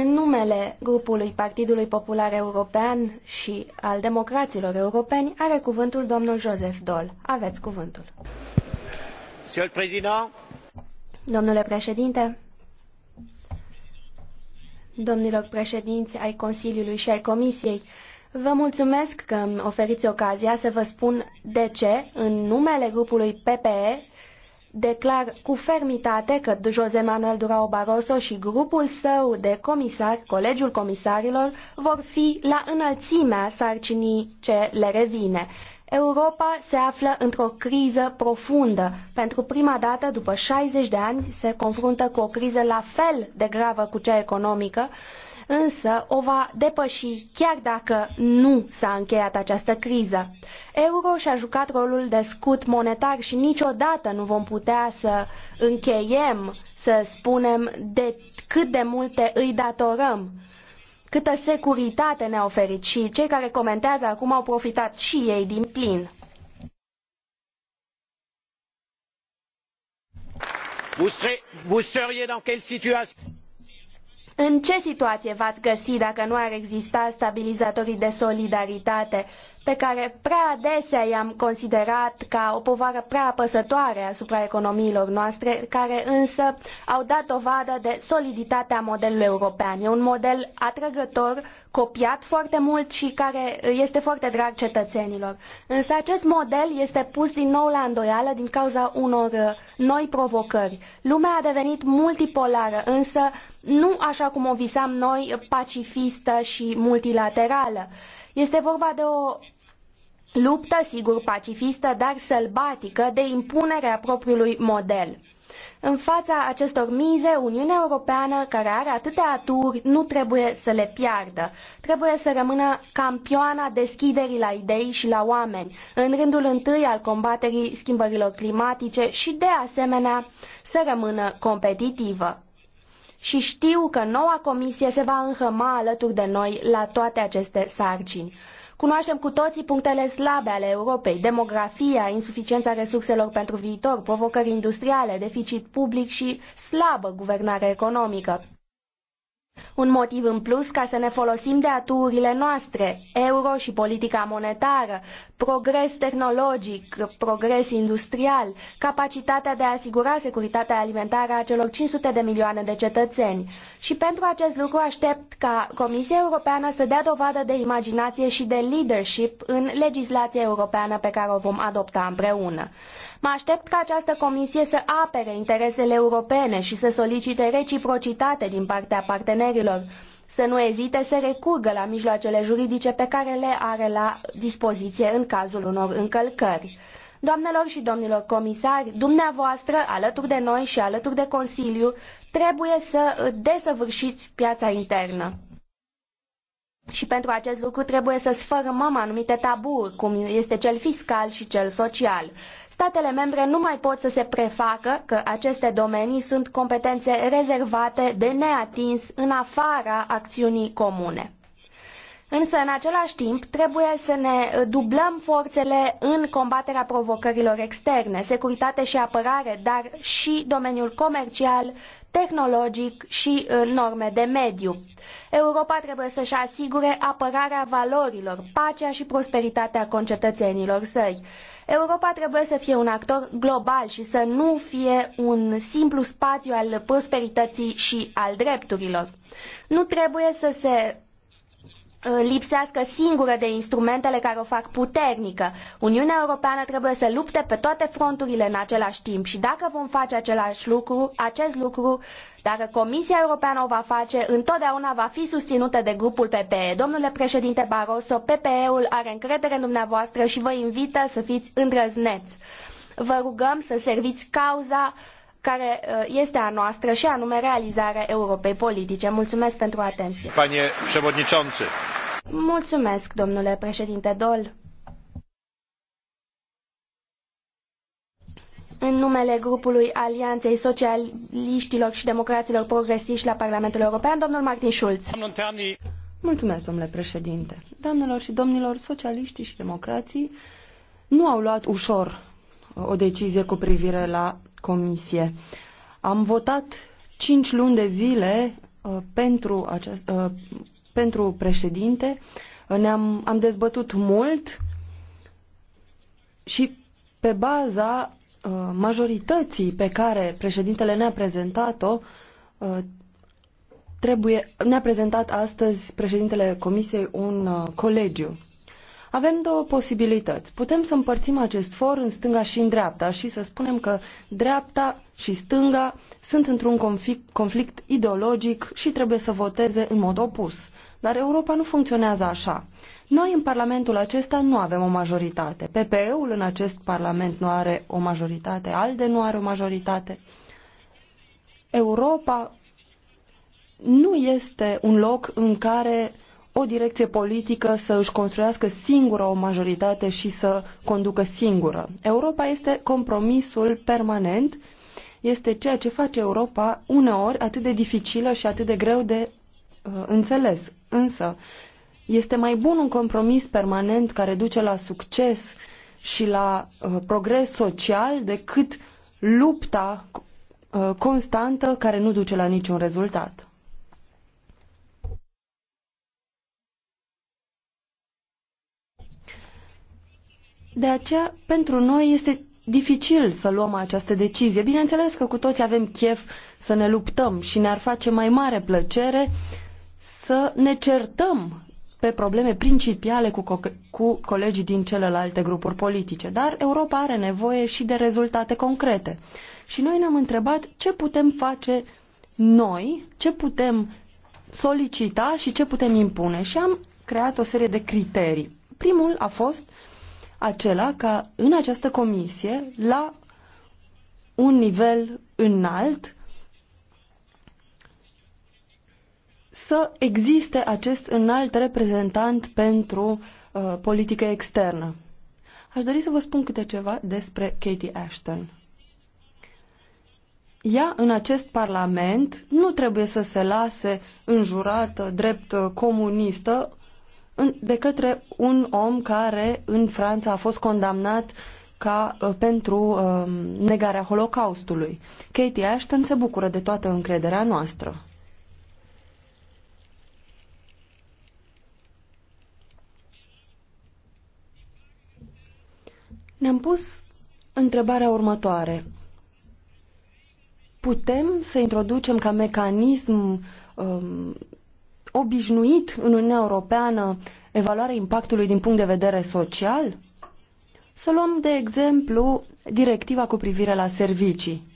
în numele grupului Partidului Popular European și al democraților europeni, are cuvântul domnul Joseph Dol. Aveți cuvântul. Domnule președinte, domnilor președinți ai Consiliului și ai Comisiei, vă mulțumesc că îmi oferiți ocazia să vă spun de ce, în numele grupului PPE Declar cu fermitate că José Manuel Durao Barroso și grupul său de comisari, Colegiul Comisarilor, vor fi la înălțimea sarcinii ce le revine. Europa se află într-o criză profundă. Pentru prima dată, după 60 de ani, se confruntă cu o criză la fel de gravă cu cea economică, însă o va depăși chiar dacă nu s-a încheiat această criză. Euro și-a jucat rolul de scut monetar și niciodată nu vom putea să încheiem, să spunem, de cât de multe îi datorăm câtă securitate ne-a oferit și cei care comentează acum au profitat și ei din plin. În ce situație v-ați găsi dacă nu ar exista stabilizatorii de solidaritate pe care prea adesea i-am considerat ca o povară prea apăsătoare asupra economiilor noastre, care însă au dat dovadă de soliditatea modelului european. E un model atrăgător, copiat foarte mult și care este foarte drag cetățenilor. Însă acest model este pus din nou la îndoială din cauza unor uh, noi provocări. Lumea a devenit multipolară, însă nu așa cum o visam noi, pacifistă și multilaterală. Este vorba de o luptă, sigur, pacifistă, dar sălbatică de impunerea propriului model. În fața acestor mize, Uniunea Europeană, care are atâtea aturi, nu trebuie să le piardă. Trebuie să rămână campioana deschiderii la idei și la oameni, în rândul întâi al combaterii schimbărilor climatice și, de asemenea, să rămână competitivă. Și știu că noua comisie se va înhăma alături de noi la toate aceste sarcini Cunoaștem cu toții punctele slabe ale Europei, demografia, insuficiența resurselor pentru viitor, provocări industriale, deficit public și slabă guvernare economică. Un motiv în plus ca să ne folosim de aturile noastre, euro și politica monetară, progres tehnologic, progres industrial, capacitatea de a asigura securitatea alimentară a celor 500 de milioane de cetățeni. Și pentru acest lucru aștept ca Comisia Europeană să dea dovadă de imaginație și de leadership în legislația europeană pe care o vom adopta împreună. Mă aștept ca această comisie să apere interesele europene și să solicite reciprocitate din partea partenerilor puterilor să nu ezite să recurgă la mijloacele juridice pe care le are la dispoziție în cazul unor încălcări. Doamnelor și domnilor comisari, dumneavoastră, alături de noi și alături de Consiliu, trebuie să desăvârșiți piața internă. Și pentru acest lucru trebuie să sfărâmăm anumite taburi, cum este cel fiscal și cel social statele membre nu mai pot să se prefacă că aceste domenii sunt competențe rezervate de neatins în afara acțiunii comune. Însă, în același timp, trebuie să ne dublăm forțele în combaterea provocărilor externe, securitate și apărare, dar și domeniul comercial, tehnologic și uh, norme de mediu. Europa trebuie să-și asigure apărarea valorilor, pacea și prosperitatea concetățenilor săi. Europa trebuie să fie un actor global și să nu fie un simplu spațiu al prosperității și al drepturilor. Nu trebuie să se Uh, lipsească singură de instrumentele care o fac puternică. Uniunea Europeană trebuie să lupte pe toate fronturile în același timp și dacă vom face același lucru, acest lucru, dacă Comisia Europeană o va face, întotdeauna va fi susținută de grupul PPE. Domnule președinte Barroso, PPE-ul are încredere în dumneavoastră și vă invită să fiți îndrăzneți. Vă rugăm să serviți cauza uh, care uh, este a noastră și anume realizarea Europei politice. Mulțumesc pentru atenție. Panie președinte. Mulțumesc, domnule președinte Dol. În numele grupului Alianței Socialiștilor și Democraților Progresiști la Parlamentul European, domnul Martin Schulz. Mulțumesc, domnule președinte. Doamnelor și domnilor, socialiștii și democrații nu au luat ușor uh, o decizie cu privire la comisie. Am votat cinci luni de zile uh, pentru, acest uh, pentru președinte, ne-am am dezbătut mult și pe baza uh, majorității pe care președintele ne-a prezentat-o, uh, trebuie, ne-a prezentat astăzi președintele Comisiei un uh, colegiu. Avem două posibilități. Putem să împărțim acest for în stânga și în dreapta și să spunem că dreapta și stânga sunt într-un conflict, conflict ideologic și trebuie să voteze în mod opus. Dar Europa nu funcționează așa. Noi în Parlamentul acesta nu avem o majoritate. PPE-ul în acest Parlament nu are o majoritate, ALDE nu are o majoritate. Europa nu este un loc în care o direcție politică să își construiască singură o majoritate și să conducă singură. Europa este compromisul permanent, este ceea ce face Europa uneori atât de dificilă și atât de greu de uh, înțeles. Însă, este mai bun un compromis permanent care duce la succes și la uh, progres social decât lupta uh, constantă care nu duce la niciun rezultat. De aceea, pentru noi este dificil să luăm această decizie. Bineînțeles că cu toți avem chef să ne luptăm și ne-ar face mai mare plăcere să ne certăm pe probleme principiale cu, co- cu colegii din celelalte grupuri politice, dar Europa are nevoie și de rezultate concrete. Și noi ne-am întrebat ce putem face noi, ce putem solicita și ce putem impune. Și am creat o serie de criterii. Primul a fost uh, acela ca în această comisie, la un nivel înalt, să existe acest înalt reprezentant pentru uh, politică externă. Aș dori să vă spun câte ceva despre Katie Ashton. Ea, în acest parlament, nu trebuie să se lase înjurată drept uh, comunistă de către un om care în Franța a fost condamnat ca uh, pentru um, negarea Holocaustului. Katie Ashton se bucură de toată încrederea noastră. Ne-am pus întrebarea următoare. Putem să introducem ca mecanism um, obișnuit în Uniunea Europeană evaluarea impactului din punct de vedere social? Să luăm de exemplu directiva cu privire la servicii.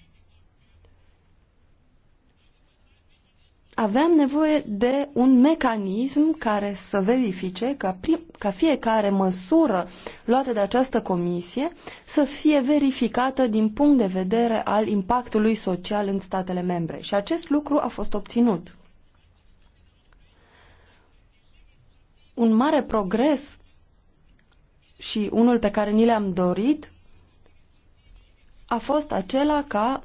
Aveam nevoie de un mecanism care să verifice ca, prim, ca fiecare măsură luată de această comisie să fie verificată din punct de vedere al impactului social în statele membre. Și acest lucru a fost obținut. un mare progres și unul pe care ni le-am dorit a fost acela ca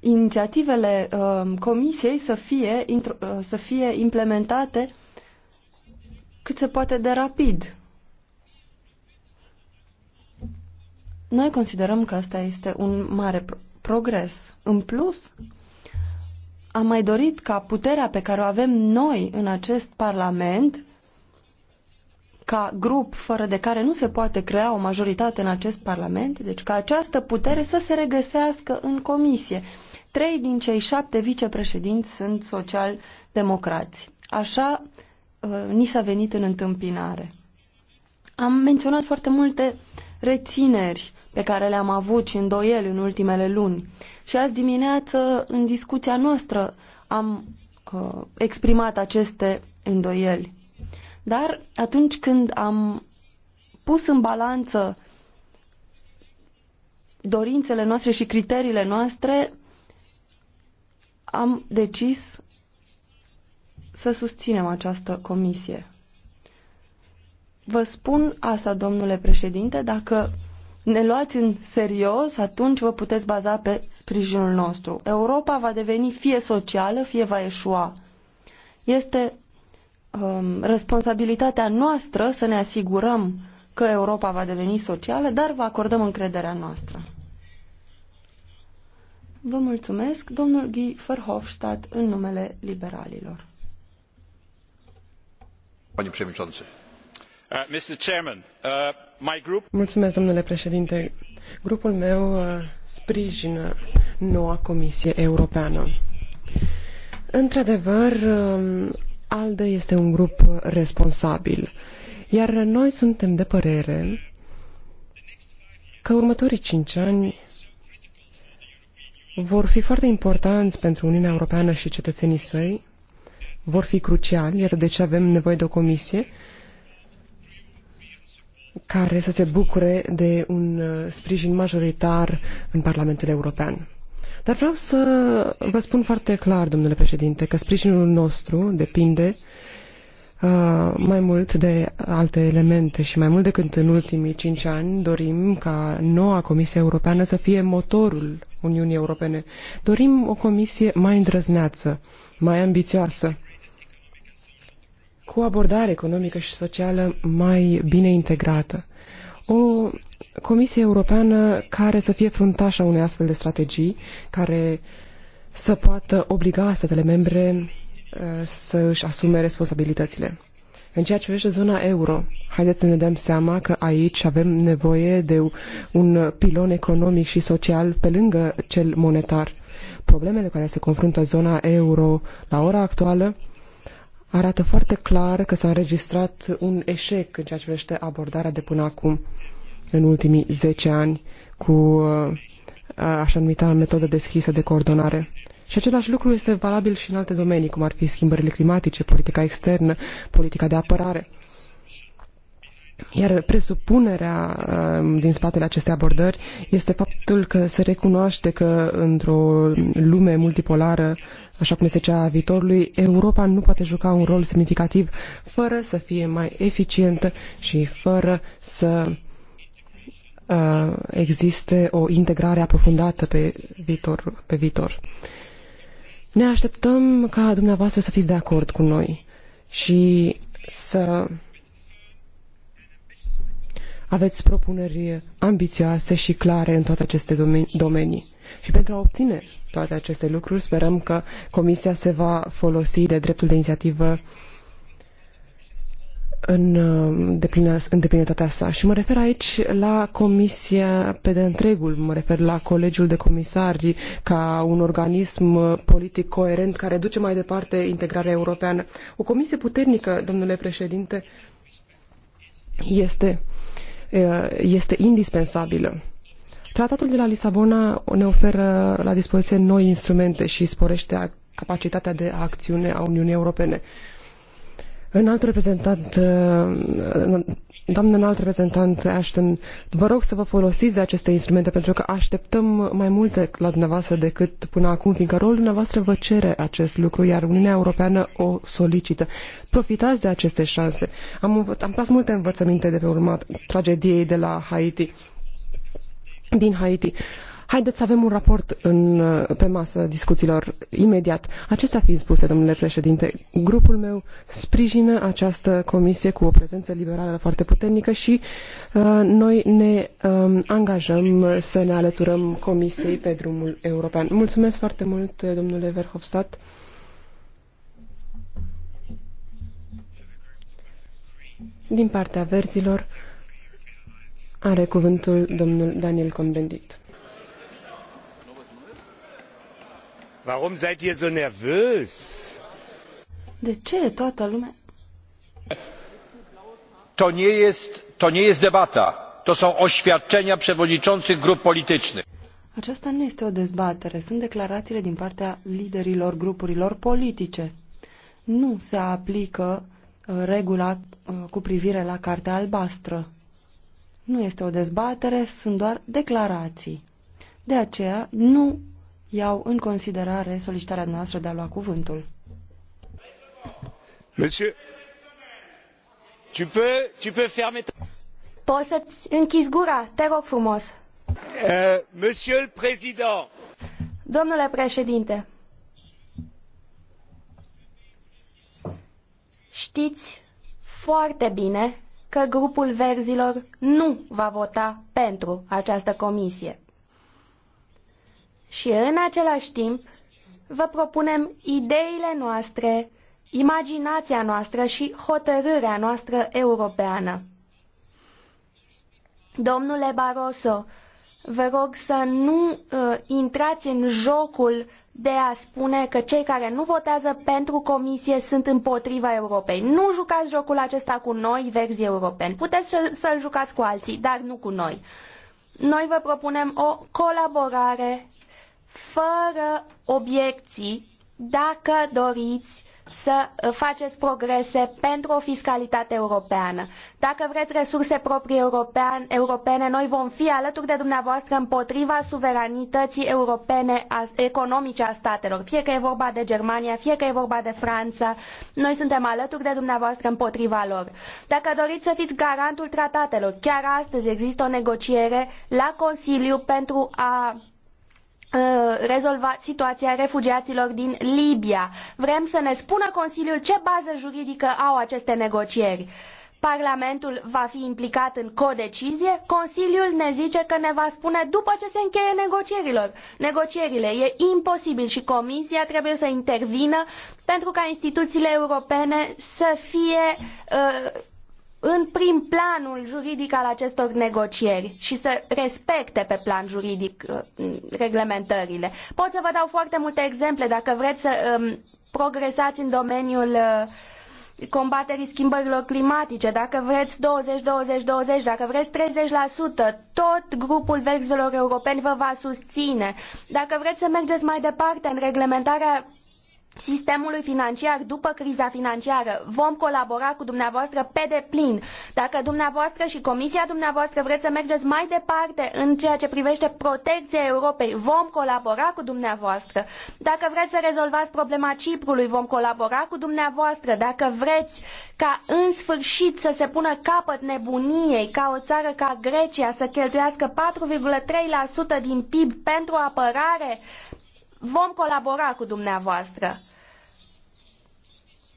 inițiativele uh, Comisiei să fie, intru, uh, să fie implementate cât se poate de rapid. Noi considerăm că asta este un mare pro progres. În plus, am mai dorit ca puterea pe care o avem noi în acest Parlament, ca grup fără de care nu se poate crea o majoritate în acest Parlament, deci ca această putere să se regăsească în comisie. Trei din cei șapte vicepreședinți sunt social-democrați. Așa uh, ni s-a venit în întâmpinare. Am menționat foarte multe rețineri pe care le-am avut și îndoieli în ultimele luni. Și azi dimineață, în discuția noastră, am uh, exprimat aceste îndoieli. Dar atunci când am pus în balanță dorințele noastre și criteriile noastre, am decis să susținem această comisie. Vă spun asta, domnule președinte, dacă ne luați în serios, atunci vă puteți baza pe sprijinul nostru. Europa va deveni fie socială, fie va eșua. Este um, responsabilitatea noastră să ne asigurăm că Europa va deveni socială, dar vă acordăm încrederea noastră. Vă mulțumesc, domnul Guy Verhofstadt, în numele liberalilor. Panie președinte. Uh, uh, domnule președinte. Grupul meu uh, sprijină noua Comisie Europeană. Într-adevăr, um, ALDE este un grup responsabil, iar noi suntem de părere că următorii cinci ani vor fi foarte importanți pentru Uniunea Europeană și cetățenii săi, vor fi cruciali, iată de ce avem nevoie de o comisie, uh, care să se bucure de un uh, sprijin majoritar în Parlamentul European. Dar vreau să vă spun foarte clar, domnule președinte, că sprijinul nostru depinde Uh, mai mult de alte elemente și mai mult decât în ultimii cinci ani dorim ca noua Comisie Europeană să fie motorul Uniunii Europene. Dorim o comisie mai îndrăzneață, mai ambițioasă, cu o abordare economică și socială mai bine integrată. O Comisie Europeană care să fie fruntașa unei astfel de strategii, care să poată obliga statele membre uh, să își asume responsabilitățile. În ceea ce privește zona euro, haideți să ne dăm seama că aici avem nevoie de un pilon economic și social pe lângă cel monetar. Problemele care se confruntă zona euro la ora actuală arată foarte clar că s-a înregistrat un eșec în ceea ce privește abordarea de până acum, în ultimii 10 ani, cu uh, așa numita metodă deschisă de coordonare. Și același lucru este valabil și în alte domenii, cum ar fi schimbările climatice, politica externă, politica de apărare. Iar presupunerea um, din spatele acestei abordări este faptul că se recunoaște că într-o lume multipolară așa cum este cea a viitorului, Europa nu poate juca un rol semnificativ fără să fie mai eficientă și fără să uh, existe o integrare aprofundată pe viitor. Pe viitor. Ne așteptăm ca dumneavoastră să fiți de acord cu noi și să aveți propuneri ambițioase și clare în toate aceste domenii. Și pentru a obține toate aceste lucruri, sperăm că Comisia se va folosi de dreptul de inițiativă în uh, îndeplinătatea sa. Și mă refer aici la Comisia pe de întregul, mă refer la Colegiul de Comisari ca un organism politic coerent care duce mai departe integrarea europeană. O comisie puternică, domnule președinte, este, uh, este indispensabilă. Tratatul de la Lisabona ne oferă la dispoziție noi instrumente și sporește capacitatea de acțiune a Uniunii Europene. În alt reprezentant, uh, doamnă înalt reprezentant Ashton, vă rog să vă folosiți de aceste instrumente pentru că așteptăm mai multe la dumneavoastră decât până acum, fiindcă rolul dumneavoastră vă cere acest lucru, iar Uniunea Europeană o solicită. Profitați de aceste șanse. Am, am tras multe învățăminte de pe urma tragediei de la Haiti din Haiti. Haideți să avem un raport în, pe masă discuțiilor imediat. Acestea fiind spuse, domnule președinte, grupul meu sprijină această comisie cu o prezență liberală foarte puternică și uh, noi ne um, angajăm să ne alăturăm comisiei pe drumul european. Mulțumesc foarte mult, domnule Verhofstadt. Din partea verzilor, are cuvântul domnul Daniel Convendit. Warum seid ihr so nervös? De ce e toată lumea? To nie jest, to nie jest debata. To są oświadczenia przewodniczących grup politycznych. Aceasta nu este o dezbatere, sunt declarațiile din partea liderilor grupurilor politice. Nu se aplică uh, regula uh, cu privire la Cartea Albastră. Nu este o dezbatere, sunt doar declarații. De aceea nu iau în considerare solicitarea noastră de a lua cuvântul. Monsieur, tu peux, tu peux fermer Poți să-ți închizi gura, te rog frumos. Uh, monsieur le Président. Domnule președinte, știți foarte bine că grupul verzilor nu va vota pentru această comisie. Și în același timp vă propunem ideile noastre, imaginația noastră și hotărârea noastră europeană. Domnule Barroso, Vă rog să nu uh, intrați în jocul de a spune că cei care nu votează pentru comisie sunt împotriva Europei. Nu jucați jocul acesta cu noi, verzi europeni. Puteți să-l jucați cu alții, dar nu cu noi. Noi vă propunem o colaborare fără obiecții dacă doriți să faceți progrese pentru o fiscalitate europeană. Dacă vreți resurse proprii european, europene, noi vom fi alături de dumneavoastră împotriva suveranității europene a, economice a statelor. Fie că e vorba de Germania, fie că e vorba de Franța, noi suntem alături de dumneavoastră împotriva lor. Dacă doriți să fiți garantul tratatelor, chiar astăzi există o negociere la Consiliu pentru a Uh, rezolva situația refugiaților din Libia. Vrem să ne spună Consiliul ce bază juridică au aceste negocieri. Parlamentul va fi implicat în codecizie, Consiliul ne zice că ne va spune după ce se încheie negocierilor. Negocierile e imposibil și Comisia trebuie să intervină pentru ca instituțiile europene să fie uh, în prim planul juridic al acestor negocieri și să respecte pe plan juridic uh, reglementările. Pot să vă dau foarte multe exemple dacă vreți să um, progresați în domeniul uh, combaterii schimbărilor climatice, dacă vreți 20-20-20, dacă vreți 30%, tot grupul verzilor europeni vă va susține. Dacă vreți să mergeți mai departe în reglementarea sistemului financiar după criza financiară. Vom colabora cu dumneavoastră pe deplin. Dacă dumneavoastră și comisia dumneavoastră vreți să mergeți mai departe în ceea ce privește protecția Europei, vom colabora cu dumneavoastră. Dacă vreți să rezolvați problema Ciprului, vom colabora cu dumneavoastră. Dacă vreți ca în sfârșit să se pună capăt nebuniei ca o țară ca Grecia să cheltuiască 4,3% din PIB pentru apărare, vom colabora cu dumneavoastră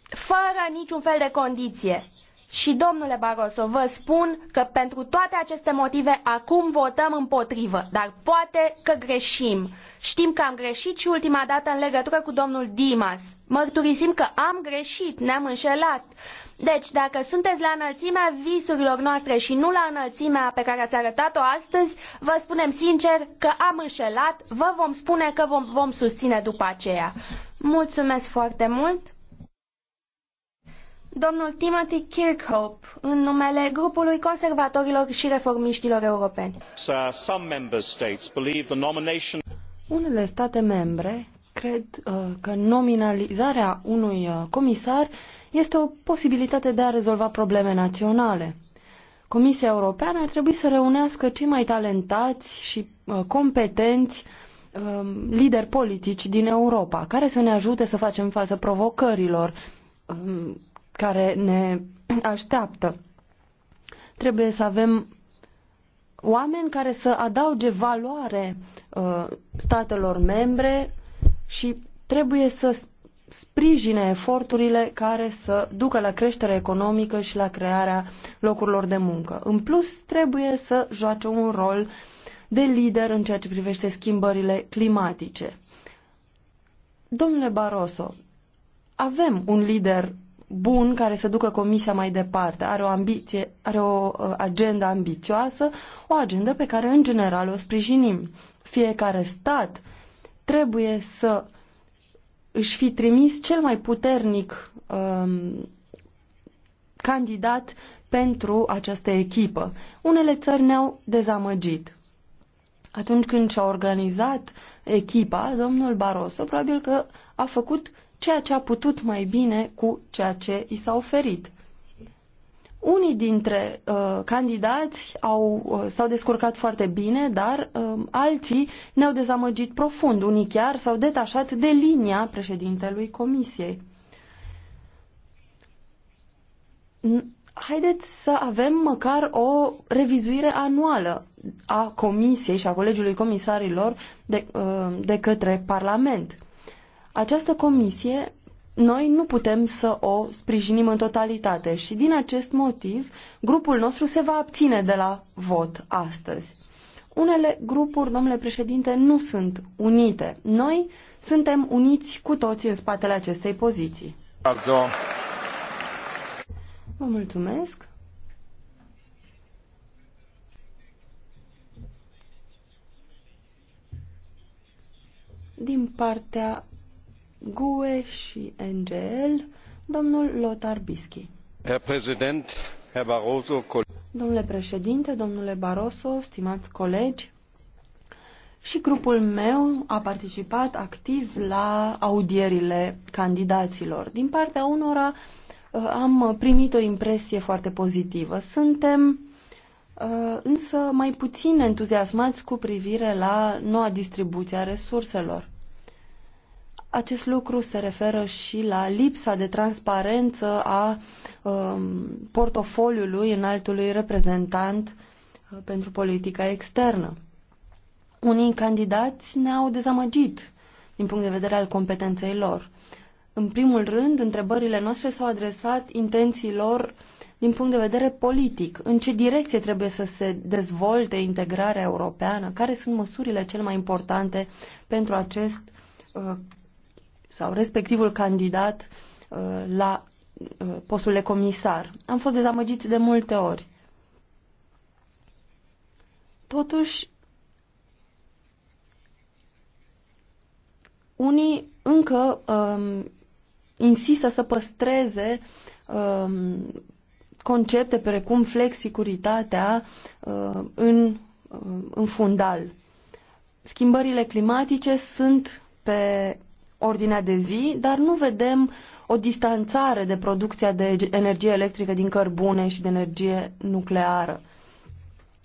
fără niciun fel de condiție. Și domnule Barroso, vă spun că pentru toate aceste motive acum votăm împotrivă, dar poate că greșim. Știm că am greșit și ultima dată în legătură cu domnul Dimas. Mărturisim că am greșit, ne-am înșelat. Deci, dacă sunteți la înălțimea visurilor noastre și nu la înălțimea pe care ați arătat-o astăzi, vă spunem sincer că am înșelat, vă vom spune că vom, vom susține după aceea. Mulțumesc foarte mult! Domnul Timothy Kirkhope, în numele grupului conservatorilor și reformiștilor europeni. Uh, Unele state membre cred uh, că nominalizarea unui uh, comisar este o posibilitate de a rezolva probleme naționale. Comisia Europeană ar trebui să reunească cei mai talentați și uh, competenți um, lideri politici din Europa, care să ne ajute să facem față provocărilor um, care ne așteaptă. Trebuie să avem oameni care să adauge valoare uh, statelor membre și trebuie să sprijine eforturile care să ducă la creștere economică și la crearea locurilor de muncă. În plus, trebuie să joace un rol de lider în ceea ce privește schimbările climatice. Domnule Barroso, avem un lider bun care să ducă comisia mai departe, are o, ambiție, are o uh, agenda ambițioasă, o agendă pe care în general o sprijinim. Fiecare stat trebuie să își fi trimis cel mai puternic um, candidat pentru această echipă. Unele țări ne-au dezamăgit. Atunci când și-a organizat echipa, domnul Barroso probabil că a făcut ceea ce a putut mai bine cu ceea ce i s-a oferit. Unii dintre uh, candidați au, uh, s-au descurcat foarte bine, dar uh, alții ne-au dezamăgit profund. Unii chiar s-au detașat de linia președintelui Comisiei. Haideți să avem măcar o revizuire anuală a Comisiei și a Colegiului Comisarilor de, uh, de către Parlament. Această comisie noi nu putem să o sprijinim în totalitate și din acest motiv grupul nostru se va abține de la vot astăzi. Unele grupuri, domnule președinte, nu sunt unite. Noi suntem uniți cu toții în spatele acestei poziții. Vă mulțumesc. Din partea GUE și NGL, domnul Lothar Bischi. Herr Präsident, Herr Barroso, Domnule președinte, domnule Barroso, stimați colegi, și grupul meu a participat activ la audierile candidaților. Din partea unora uh, am primit o impresie foarte pozitivă. Suntem uh, însă mai puțin entuziasmați cu privire la noua distribuție a resurselor. Acest lucru se referă și la lipsa de transparență a um, portofoliului înaltului reprezentant uh, pentru politica externă. Unii candidați ne-au dezamăgit din punct de vedere al competenței lor. În primul rând, întrebările noastre s-au adresat intențiilor din punct de vedere politic. În ce direcție trebuie să se dezvolte integrarea europeană? Care sunt măsurile cel mai importante pentru acest uh, sau respectivul candidat uh, la uh, postul de comisar. Am fost dezamăgiți de multe ori. Totuși, unii încă um, insistă să păstreze um, concepte precum flexicuritatea um, în, um, în fundal. Schimbările climatice sunt pe ordinea de zi, dar nu vedem o distanțare de producția de energie electrică din cărbune și de energie nucleară.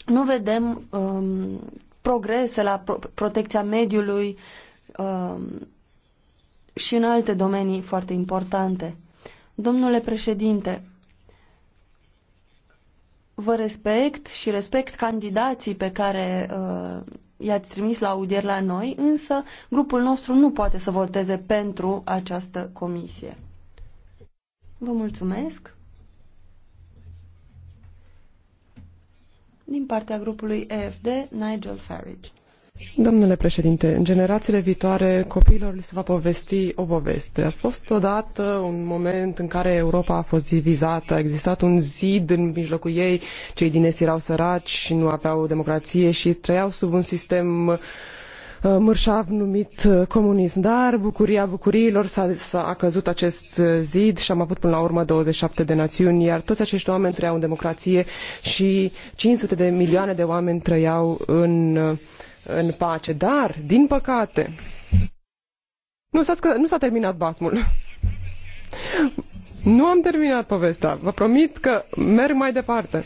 Nu vedem um, progrese la pro- protecția mediului um, și în alte domenii foarte importante. Domnule președinte, vă respect și respect candidații pe care uh, i-ați trimis la audier la noi, însă grupul nostru nu poate să voteze pentru această comisie. Vă mulțumesc. Din partea grupului EFD, Nigel Farage. Domnule președinte, în generațiile viitoare copiilor li se va povesti o poveste. A fost odată un moment în care Europa a fost divizată, a existat un zid în mijlocul ei, cei din est erau săraci, nu aveau democrație și trăiau sub un sistem uh, mârșav numit uh, comunism. Dar bucuria bucuriilor s-a, a căzut acest zid și am avut până la urmă 27 de națiuni, iar toți acești oameni trăiau în democrație și 500 de milioane de oameni trăiau în uh, în pace, dar, din păcate, nu s-a, nu s-a terminat basmul. Nu am terminat povestea. Vă promit că merg mai departe.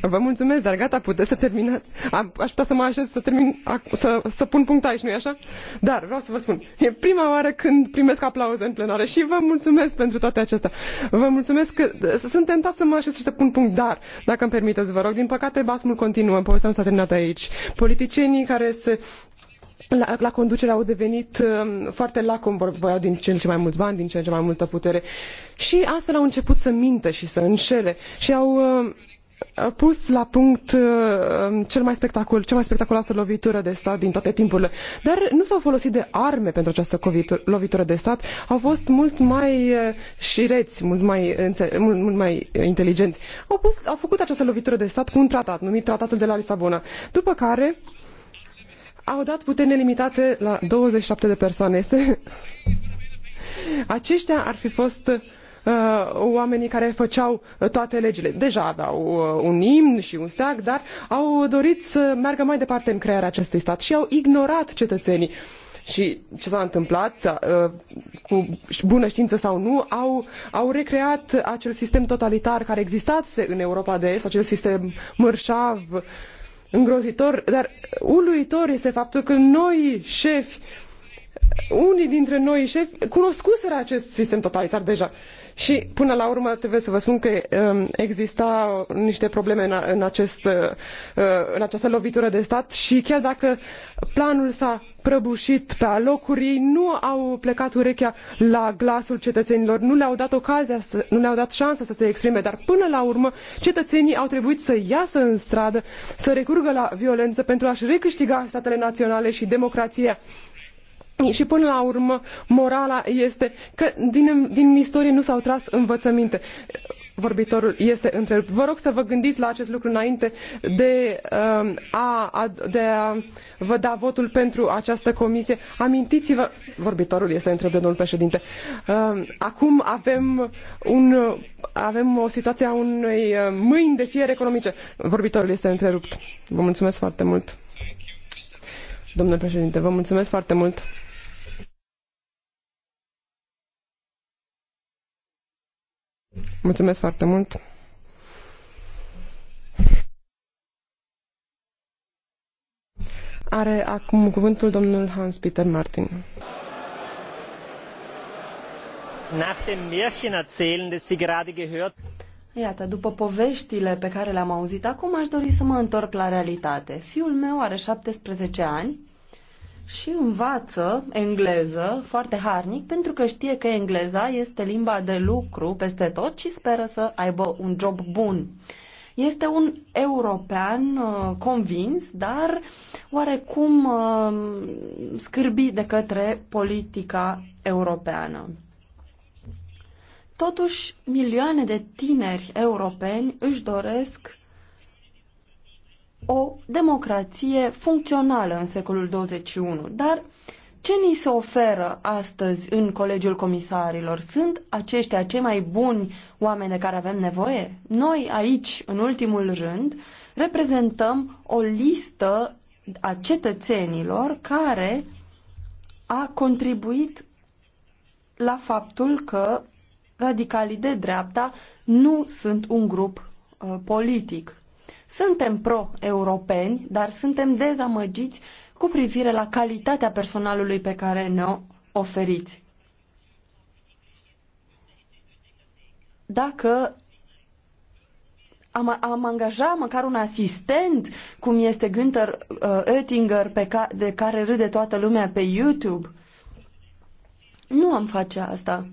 Vă mulțumesc, dar gata, puteți să terminați. A, aș putea să mă așez să, termin, a, să, să pun punct aici, nu-i așa? Dar vreau să vă spun, e prima oară când primesc aplauze în plenare și vă mulțumesc pentru toate acestea. Vă mulțumesc că sunt tentat să mă așez și să pun punct, dar, dacă îmi permiteți, vă rog, din păcate basmul continuă, povestea nu s-a terminat aici. Politicienii care se la, la conducere au devenit uh, foarte lacom, vorbeau din ce în ce mai mulți bani, din ce în ce mai multă putere și astfel au început să mintă și să înșele și au uh, pus la punct uh, um, cel mai cea mai spectaculoasă lovitură de stat din toate timpurile. Dar nu s-au folosit de arme pentru această lovitură de stat, au fost mult mai uh, șireți, mult mai, înțe- mult, mult mai inteligenți. Au, pus, au făcut această lovitură de stat cu un tratat, numit Tratatul de la Lisabona, după care au dat puteri nelimitate la 27 de persoane. Este... Aceștia ar fi fost Uh, oamenii care făceau toate legile. Deja aveau uh, un imn și un steag, dar au dorit să meargă mai departe în crearea acestui stat și au ignorat cetățenii. Și ce s-a întâmplat, uh, cu bună știință sau nu, au, au recreat acel sistem totalitar care existase în Europa de Est, acel sistem mărșav, îngrozitor, dar uluitor este faptul că noi șefi, unii dintre noi șefi, cunoscuseră acest sistem totalitar deja. Uh, și până la urmă trebuie să vă spun că um, exista niște probleme în, în, acest, uh, uh, în această lovitură de stat și chiar dacă planul s-a prăbușit pe alocuri, ei nu au plecat urechea la glasul cetățenilor, nu le-au dat ocazia, să, nu le-au dat șansa să se exprime, dar până la urmă cetățenii au trebuit să iasă în stradă, să recurgă la violență pentru a-și recâștiga statele naționale și democrația. Și până la urmă, morala este că din, din istorie nu s-au tras învățăminte. Vorbitorul este între. Vă rog să vă gândiți la acest lucru înainte de, uh, a, a, de a vă da votul pentru această comisie. Amintiți-vă, vorbitorul este între de domnul președinte, uh, acum avem, un, avem o situație a unei uh, mâini de fier economice. Vorbitorul este întrerupt. Vă mulțumesc foarte mult. Domnule președinte, vă mulțumesc foarte mult. Mulțumesc foarte mult. Are acum cuvântul domnul Hans-Peter Martin. Nach dem das Sie gerade gehört Iată, după poveștile pe care le-am auzit acum, aș dori să mă întorc la realitate. Fiul meu are 17 ani și învață engleză foarte harnic pentru că știe că engleza este limba de lucru peste tot și speră să aibă un job bun. Este un european uh, convins, dar oarecum uh, scârbit de către politica europeană. Totuși, milioane de tineri europeni își doresc o democrație funcțională în secolul 21, dar ce ni se oferă astăzi în Colegiul Comisarilor? Sunt aceștia cei mai buni oameni de care avem nevoie? Noi aici, în ultimul rând, reprezentăm o listă a cetățenilor care a contribuit la faptul că radicalii de dreapta nu sunt un grup uh, politic. Suntem pro-europeni, dar suntem dezamăgiți cu privire la calitatea personalului pe care ne-o oferiți. Dacă am, am angajat măcar un asistent, cum este Günther uh, Oettinger, pe ca, de care râde toată lumea pe YouTube, nu am face asta.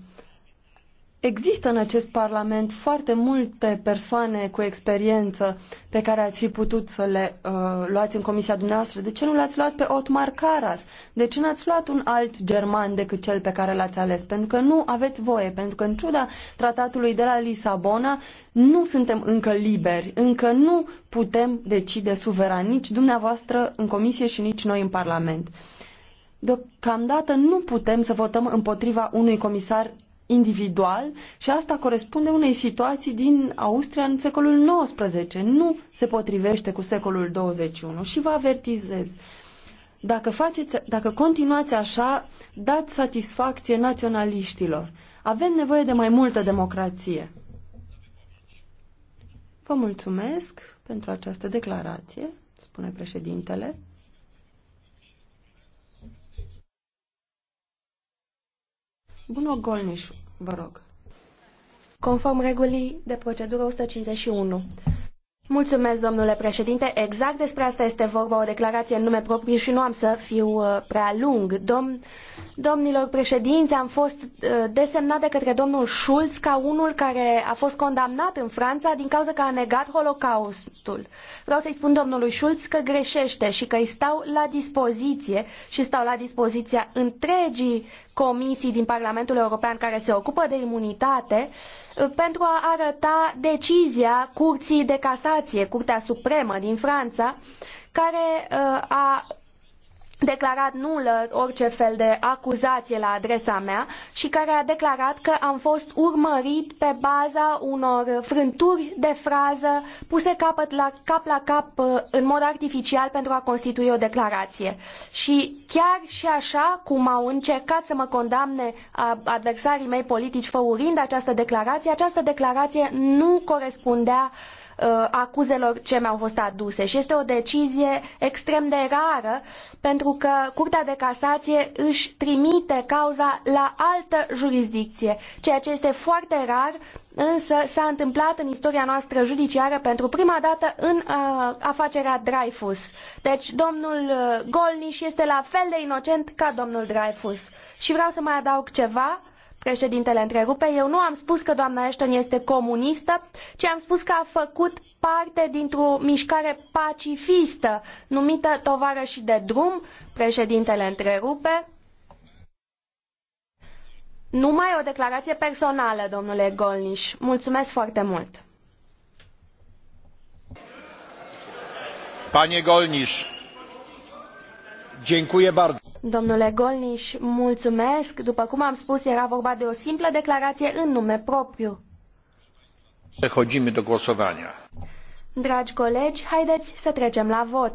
Există în acest Parlament foarte multe persoane cu experiență pe care ați fi putut să le uh, luați în comisia dumneavoastră. De ce nu l-ați luat pe Otmar Caras? De ce n-ați luat un alt german decât cel pe care l-ați ales? Pentru că nu aveți voie, pentru că în ciuda tratatului de la Lisabona nu suntem încă liberi, încă nu putem decide suveran nici dumneavoastră în comisie și nici noi în Parlament. Deocamdată nu putem să votăm împotriva unui comisar individual și asta corespunde unei situații din Austria în secolul XIX. Nu se potrivește cu secolul 21 și vă avertizez. Dacă, faceți, dacă continuați așa, dați satisfacție naționaliștilor. Avem nevoie de mai multă democrație. Vă mulțumesc pentru această declarație, spune președintele. Bună, Golniș, vă rog. Conform regulii de procedură 151. Mulțumesc, domnule președinte. Exact despre asta este vorba, o declarație în nume propriu și nu am să fiu uh, prea lung. Dom domnilor președinți, am fost uh, desemnat de către domnul Schulz ca unul care a fost condamnat în Franța din cauza că a negat Holocaustul. Vreau să-i spun domnului Schulz că greșește și că îi stau la dispoziție și stau la dispoziția întregii comisii din Parlamentul European care se ocupă de imunitate uh, pentru a arăta decizia Curții de Casație, Curtea Supremă din Franța, care uh, a declarat nulă orice fel de acuzație la adresa mea și care a declarat că am fost urmărit pe baza unor frânturi de frază puse capăt la, cap la cap uh, în mod artificial pentru a constitui o declarație. Și chiar și așa cum au încercat să mă condamne adversarii mei politici făurind această declarație, această declarație nu corespundea uh, Uh, acuzelor ce mi-au fost aduse și este o decizie extrem de rară pentru că Curtea de Casație își trimite cauza la altă jurisdicție, ceea ce este foarte rar, însă s-a întâmplat în istoria noastră judiciară pentru prima dată în uh, afacerea Dreyfus. Deci domnul uh, Golniș este la fel de inocent ca domnul Dreyfus. Și vreau să mai adaug ceva. Uh, Președintele întrerupe, eu nu am spus că doamna Ashton este comunistă, ci am spus că a făcut parte dintr-o mișcare pacifistă numită Tovară și de drum, președintele întrerupe. Numai o declarație personală, domnule Golniș. Mulțumesc foarte mult. Panie Golniș, dziękuję bardzo. Domnule Golniș, mulțumesc. După cum am spus, era vorba de o simplă declarație în nume propriu. Przechodzimy do głosowania. Dragi colegi, haideți să trecem la vot.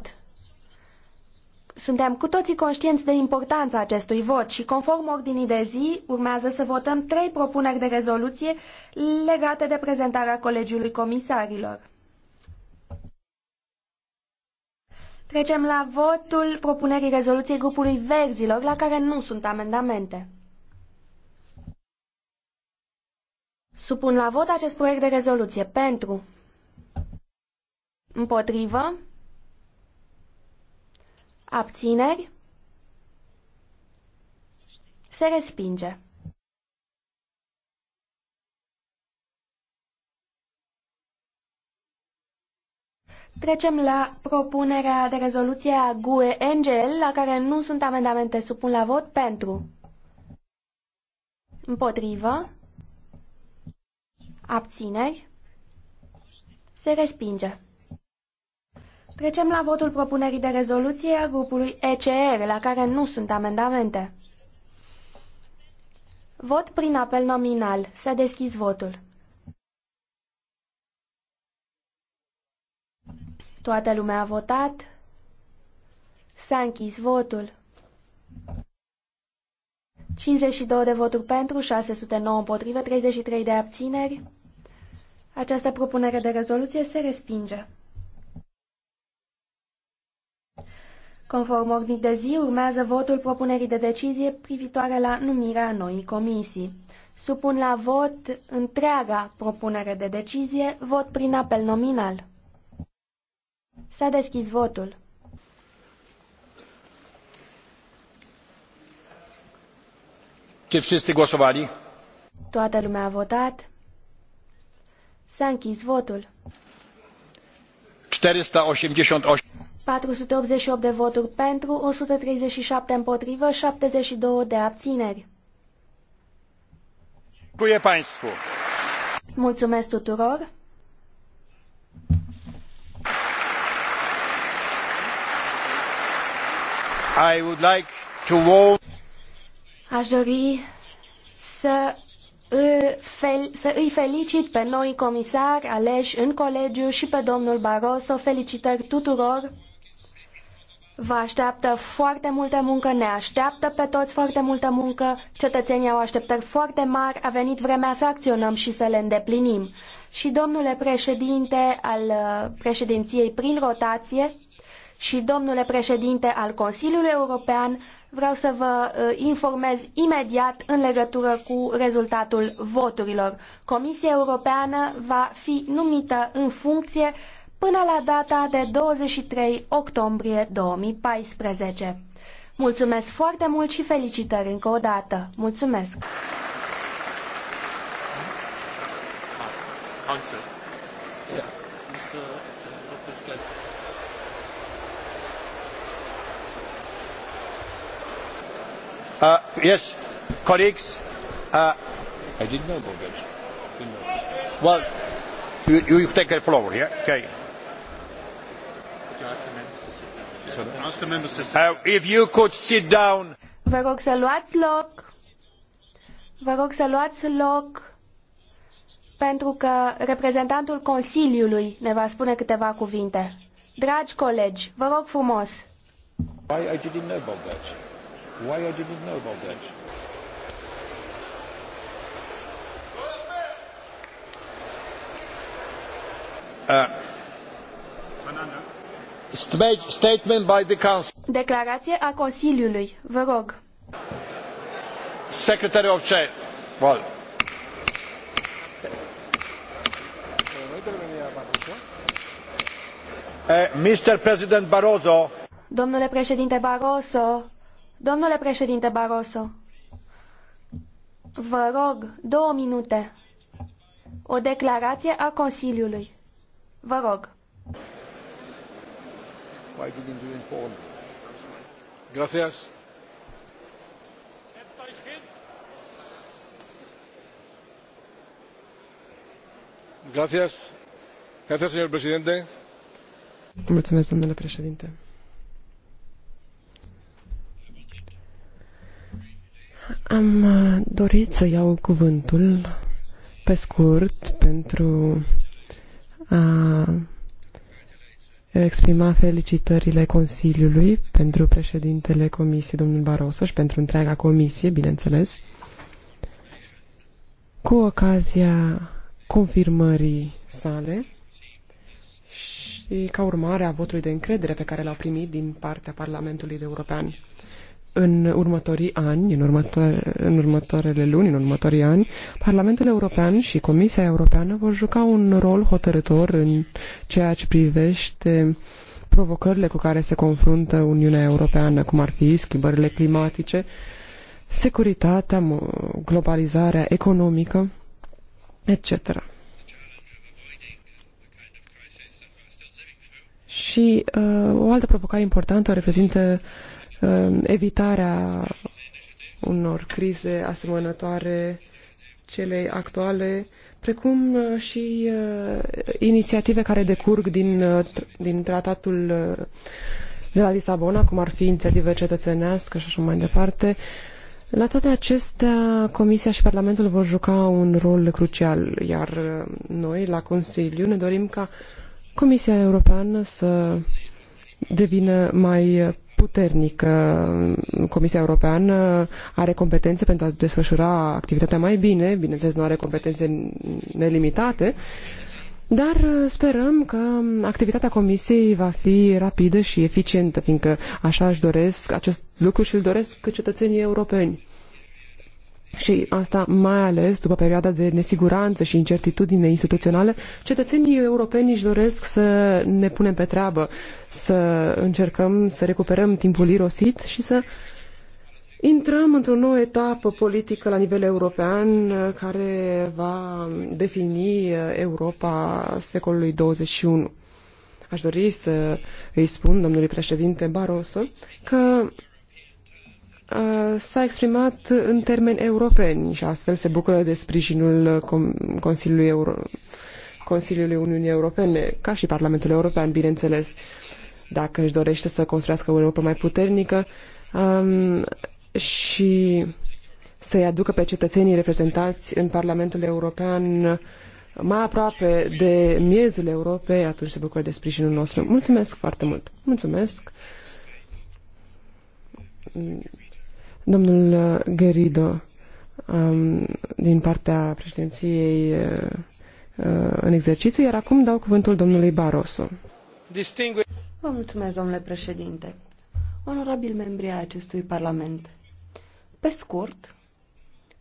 Suntem cu toții conștienți de importanța acestui vot și conform ordinii de zi urmează să votăm trei propuneri de rezoluție legate de prezentarea Colegiului Comisarilor. Trecem la votul propunerii rezoluției grupului Verzilor, la care nu sunt amendamente. Supun la vot acest proiect de rezoluție. Pentru. Împotrivă. Abțineri. Se respinge. Trecem la propunerea de rezoluție a GUE Angel, la care nu sunt amendamente. Supun la vot pentru. Împotrivă. Abțineri. Se respinge. Trecem la votul propunerii de rezoluție a grupului ECR, la care nu sunt amendamente. Vot prin apel nominal. Să a deschis votul. Toată lumea a votat. S-a închis votul. 52 de voturi pentru, 609 împotrivă, 33 de abțineri. Această propunere de rezoluție se respinge. Conform ordinii de zi, urmează votul propunerii de decizie privitoare la numirea noii comisii. Supun la vot întreaga propunere de decizie, vot prin apel nominal. S-a deschis votul. Ce wszyscy głosowali? Toată lumea a votat. S-a închis votul. 488. 488 de voturi pentru, 137 împotrivă, 72 de abțineri. Mulțumesc tuturor! I would like to Aș dori să să îi felicit pe noi comisari aleși în colegiu și pe domnul Barroso. Felicitări tuturor! Vă așteaptă foarte multă muncă, ne așteaptă pe toți foarte multă muncă, cetățenii au așteptări foarte mari, a venit vremea să acționăm și să le îndeplinim. Și domnule președinte al uh, președinției prin rotație, și, domnule președinte al Consiliului European, vreau să vă uh, informez imediat în legătură cu rezultatul voturilor. Comisia Europeană va fi numită în funcție până la data de 23 octombrie 2014. Mulțumesc foarte mult și felicitări încă o dată. Mulțumesc! Ah, Council. Yeah. Mr. Uh, yes, colleagues. Uh, I didn't know about that. Well, you, you take the floor, yeah? Okay. Uh, if you could sit down. Vă rog să luați loc. Vă rog să luați loc pentru că reprezentantul Consiliului ne va spune câteva cuvinte. Dragi colegi, vă rog frumos. I, I didn't know about that. Why I didn't know about that? Uh, statement by the Council. Declarație a Consiliului. Vă rog. Secretary of Chair. Well. Uh, Mr. President Barroso. Domnule președinte Barroso, Domnule președinte Barroso, vă rog două minute. O declarație a Consiliului. Vă rog. Gracias. Gracias. Gracias, señor presidente. Mulțumesc, domnule președinte. Am uh, dorit să iau cuvântul pe scurt pentru a exprima felicitările Consiliului pentru președintele Comisiei, domnul Barroso, și pentru întreaga Comisie, bineînțeles, cu ocazia confirmării sale și ca urmare a votului de încredere pe care l-au primit din partea Parlamentului European în următorii ani, în, următoare, în următoarele luni, în următorii ani, Parlamentul European și Comisia Europeană vor juca un rol hotărător în ceea ce privește provocările cu care se confruntă Uniunea Europeană, cum ar fi schimbările climatice, securitatea, globalizarea economică, etc. Și uh, o altă provocare importantă reprezintă uh, Ehm, evitarea unor crize asemănătoare celei actuale, precum uh, și uh, inițiative care decurg din, uh, din tratatul de la Lisabona, cum ar fi inițiative cetățenească și așa mai departe. La toate acestea, Comisia și Parlamentul vor juca un rol crucial, iar noi, la Consiliu, ne dorim ca Comisia Europeană să devină mai Puternic, Comisia Europeană are competențe pentru a desfășura activitatea mai bine, bineînțeles nu are competențe nelimitate, dar sperăm că activitatea comisiei va fi rapidă și eficientă, fiindcă așa își doresc, acest lucru și îl doresc cetățenii europeni și asta mai ales după perioada de nesiguranță și incertitudine instituționale, cetățenii europeni își doresc să ne punem pe treabă, să încercăm să recuperăm timpul irosit și să intrăm într-o nouă etapă politică la nivel european care va defini Europa secolului 21. Aș dori să îi spun domnului președinte Barroso că Uh, s-a exprimat în termeni europeni și astfel se bucură de sprijinul uh, Consiliului, Euro- Consiliului Uniunii Europene, ca și Parlamentul European, bineînțeles. Dacă își dorește să construiască o Europa mai puternică um, și să-i aducă pe cetățenii reprezentați în Parlamentul European mai aproape de miezul Europei, atunci se bucură de sprijinul nostru. Mulțumesc foarte mult! Mulțumesc! Domnul uh, Gerido, um, din partea președinției uh, uh, în exercițiu, iar acum dau cuvântul domnului Barroso. Vă mulțumesc, domnule președinte. Onorabil membri ai acestui parlament, pe scurt,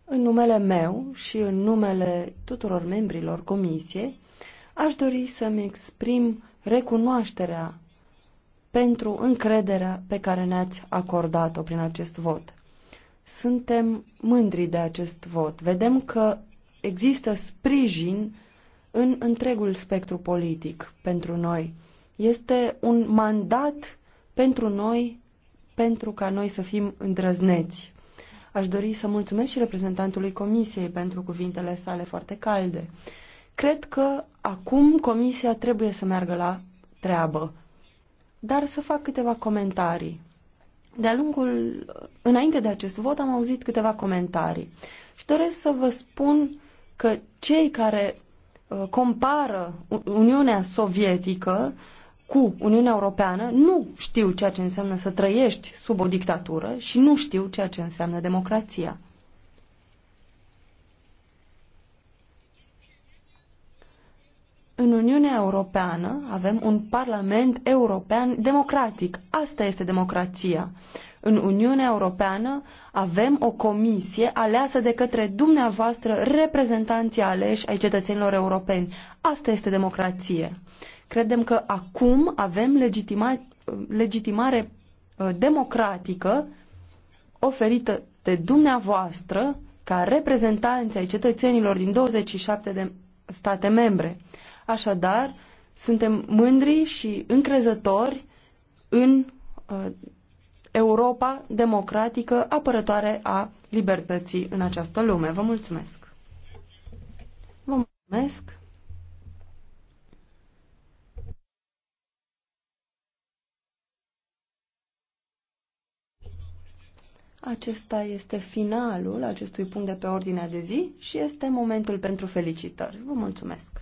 în numele meu și în numele tuturor membrilor comisiei, aș dori să-mi exprim recunoașterea pentru încrederea pe care ne-ați acordat-o prin acest vot. Suntem mândri de acest vot. Vedem că există sprijin în întregul spectru politic pentru noi. Este un mandat pentru noi, pentru ca noi să fim îndrăzneți. Aș dori să mulțumesc și reprezentantului Comisiei pentru cuvintele sale foarte calde. Cred că acum Comisia trebuie să meargă la treabă, dar să fac câteva comentarii. De-a lungul, înainte de acest vot, am auzit câteva comentarii și doresc să vă spun că cei care uh, compară Uniunea Sovietică cu Uniunea Europeană nu știu ceea ce înseamnă să trăiești sub o dictatură și nu știu ceea ce înseamnă democrația. În Uniunea Europeană avem un Parlament European democratic. Asta este democrația. În Uniunea Europeană avem o comisie aleasă de către dumneavoastră reprezentanții aleși ai cetățenilor europeni. Asta este democrație. Credem că acum avem legitima, legitimare uh, democratică oferită de dumneavoastră ca reprezentanți ai cetățenilor din 27 de state membre. Așadar, suntem mândri și încrezători în uh, Europa democratică apărătoare a libertății în această lume. Vă mulțumesc! Vă mulțumesc! Acesta este finalul acestui punct de pe ordinea de zi și este momentul pentru felicitări. Vă mulțumesc!